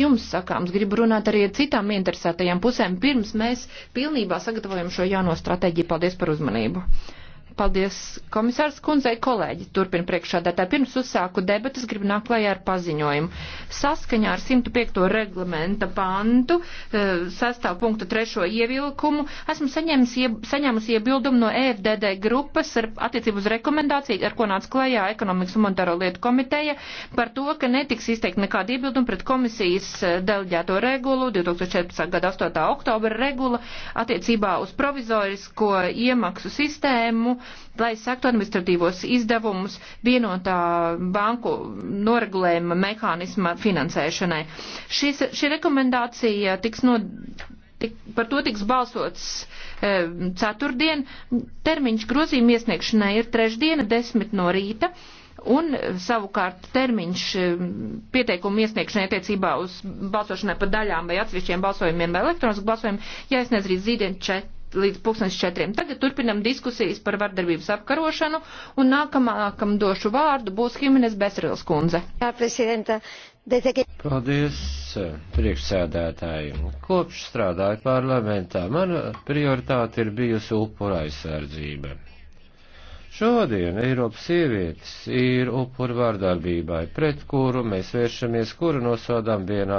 jums sakāms. Gribu runāt arī ar citām interesētajām pusēm, pirms mēs pilnībā sagatavojam šo jauno stratēģiju. Paldies par uzmanību! Paldies komisārs kundzei kolēģi, turpina priekšādātā. Pirms uzsāku debatas, gribu nākt klajā ar paziņojumu. Saskaņā ar 105. reglamenta pantu, eh, sastāv punktu trešo ievilkumu, esmu saņēmusi iebildumu no EFDD grupas ar attiecību uz rekomendāciju, ar ko nāca klajā ekonomikas un monetāro lietu komiteja, par to, ka netiks izteikt nekāda iebilduma pret komisijas eh, deleģēto regulu 2014. gada 8. oktobra regula attiecībā uz provizorisko iemaksu sistēmu lai sektu administratīvos izdevumus vienotā banku noregulējuma mehānisma finansēšanai. Šis, šī rekomendācija tiks no. Tik, par to tiks balsots e, ceturtdien. Termiņš grozījuma iesniegšanai ir trešdiena, desmit no rīta un e, savukārt termiņš e, pieteikumu iesniegšanai attiecībā uz balsošanai pa daļām vai atsevišķiem balsojumiem vai elektronisku balsojumu jāiesniedz rīt zīdien 4 līdz pusnes četriem. Tagad turpinam diskusijas par vardarbības apkarošanu un nākamā, kam došu vārdu, būs Himenes Besrils kundze. Paldies, priekšsēdētāji. Kopš strādāju parlamentā, mana prioritāte ir bijusi upura aizsardzība. Šodien Eiropas sievietes ir upuri vārdarbībai, pret kuru mēs vēršamies, kuru nosodām vienā